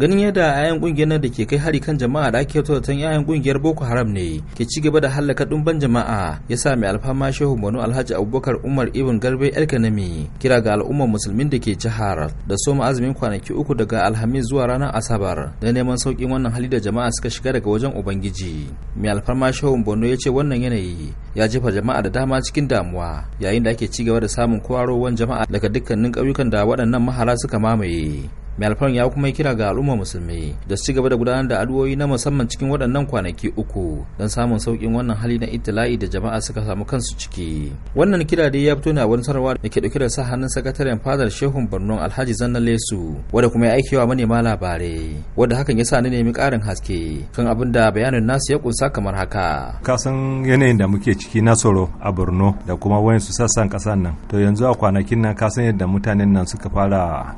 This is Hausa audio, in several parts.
ganin yadda 'ya'yan kungiyar nan da ke kai hari kan jama'a da ake tsoratan 'ya'yan kungiyar boko haram ne ke ci gaba da hallaka dumban jama'a ya sa mai alfama shehu bano alhaji abubakar umar ibn garbe elkanami kira ga al'ummar musulmin da ke jihar da soma azumin kwanaki uku daga alhamis zuwa ranar asabar da neman saukin wannan hali da jama'a suka shiga daga wajen ubangiji mai alfama shehu bano ya ce wannan yanayi ya jefa jama'a da dama cikin damuwa yayin da ake ci gaba da samun kwarowar jama'a daga dukkanin ƙauyukan da waɗannan mahara suka mamaye mai alfarin ya kuma kira ga al'umma musulmi da su gaba da gudanar da addu'o'i na musamman cikin waɗannan kwanaki uku don samun sauƙin wannan hali na itila'i da jama'a suka samu kansu ciki wannan kira dai ya fito ne a wani sanarwa da ke ɗauke da sa hannun sakataren fadar shehun borno alhaji zanna lesu wanda kuma ya aiki wa ma labarai wanda hakan ya sa ni nemi ƙarin haske kan abin da bayanin nasu ya kunsa kamar haka kasan yanayin da muke ciki na tsoro a borno da kuma wayansu sassan ƙasar nan to yanzu a kwanakin nan kasan yadda mutanen nan suka fara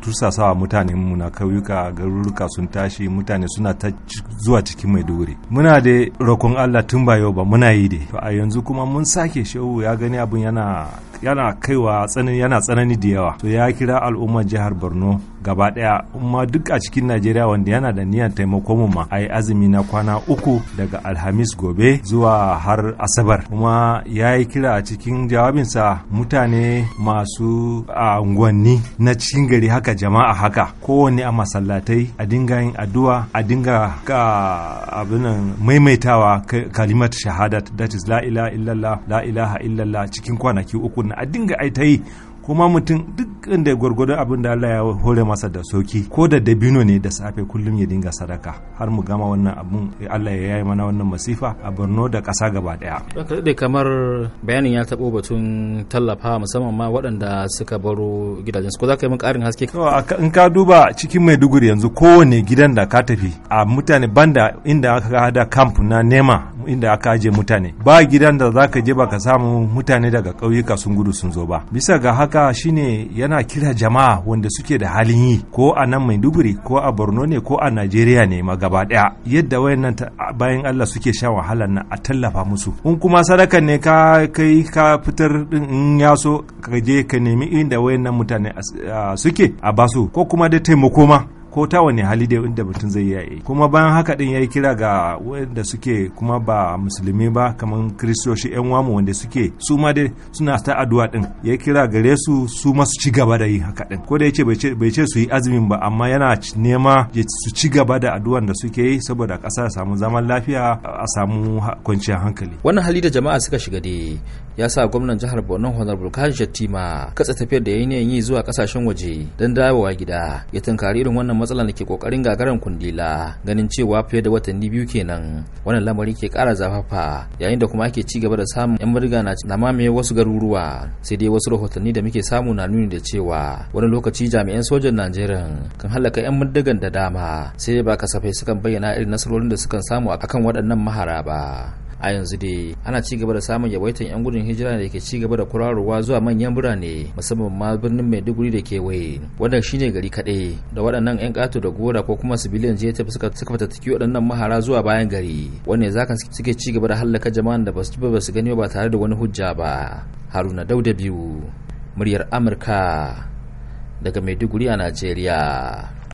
tursasa wa mutanen mu na kauyuka garuruka sun tashi mutane suna ta zuwa cikin maiduguri muna da rokon allah tun ba yau ba muna yi da to a yanzu kuma mun sake shehu ya gani abin yana yana kaiwa tsanani yana tsanani da yawa to ya kira al'ummar jihar borno gaba daya amma duk a cikin najeriya wanda yana da niyyar taimako mu ma yi azumi na kwana uku daga alhamis gobe zuwa har asabar kuma ya yi kira a cikin jawabinsa mutane masu unguwanni na cikin gari haka jama'a haka kowanne a masallatai a dinga yin addu'a a dinga ka abinan maimaitawa kalimat shahadat that is la ilaha illallah la ilaha illallah cikin kwanaki uku tukuna a dinga ai ta yi kuma mutum duk da gwargwado abin da Allah ya hore masa da sauki ko da dabino ne da safe kullum ya dinga sadaka har mu gama wannan abun eh, Allah ya yayi mana wannan masifa a Borno da ƙasa gaba daya da kamar bayanin ya tabo batun tallafa musamman ma waɗanda suka baro gidajen su ko zaka yi min ƙarin haske in ka duba cikin Maiduguri yanzu kowane gidan da ka tafi a mutane banda inda aka hada camp na nema inda aka aje mutane ba gidan da za ka je ba ka samu mutane daga ƙauyuka sun gudu sun zo ba bisa ga haka shine yana kira jama'a wanda suke da halin yi ko a nan Maiduguri ko a Borno ne ko a Najeriya ne ma gaba daya yadda wayannan bayan Allah suke sha wahalar nan a tallafa musu in kuma sadaka ne ka kai ka fitar din in ya so ka je ka nemi inda wayannan mutane suke a basu ko kuma da taimako ma ko ta wani hali dai inda mutum zai yi kuma bayan haka din yayi kira ga wanda suke kuma ba musulmi ba kamar kristoshi yan wamu wanda suke su ma dai suna ta addu'a din ya kira gare su su ma su ci gaba da yi haka din ko da yace bai ce su yi azumin ba amma yana nema su ci gaba da addu'an da suke yi saboda kasa samu zaman lafiya a samu kwanciyar hankali wannan hali da jama'a suka shiga dai ya sa gwamnan jihar borno honorable kaji shattima katsa tafiyar da yayin yi zuwa kasashen waje don dawowa gida ya tunkari irin wannan matsala da ke kokarin gagaran kundila ganin cewa fiye da watanni biyu kenan wannan lamari ke kara zafafa yayin da kuma ake ci gaba da samun yan murga na mamaye wasu garuruwa sai dai wasu rahotanni da muke samu na nuni da cewa wani lokaci jami'an sojan najeriya kan halaka yan murdigan da dama sai ba kasafai sukan bayyana irin nasarorin da sukan samu akan waɗannan mahara ba a yanzu dai ana ci gaba da samun yawaitan yan gudun hijira da ke ci gaba da kurarowa zuwa manyan birane musamman ma birnin maiduguri da kewaye wannan shine gari kaɗai da waɗannan yan ƙato da gora ko kuma sibiliyan je ta suka suka fatattaki waɗannan mahara zuwa bayan gari wanne zaka suke ci gaba da hallaka jama'an da basu ba su gani ba tare da wani hujja ba haruna dauda biyu muryar amurka daga maiduguri a najeriya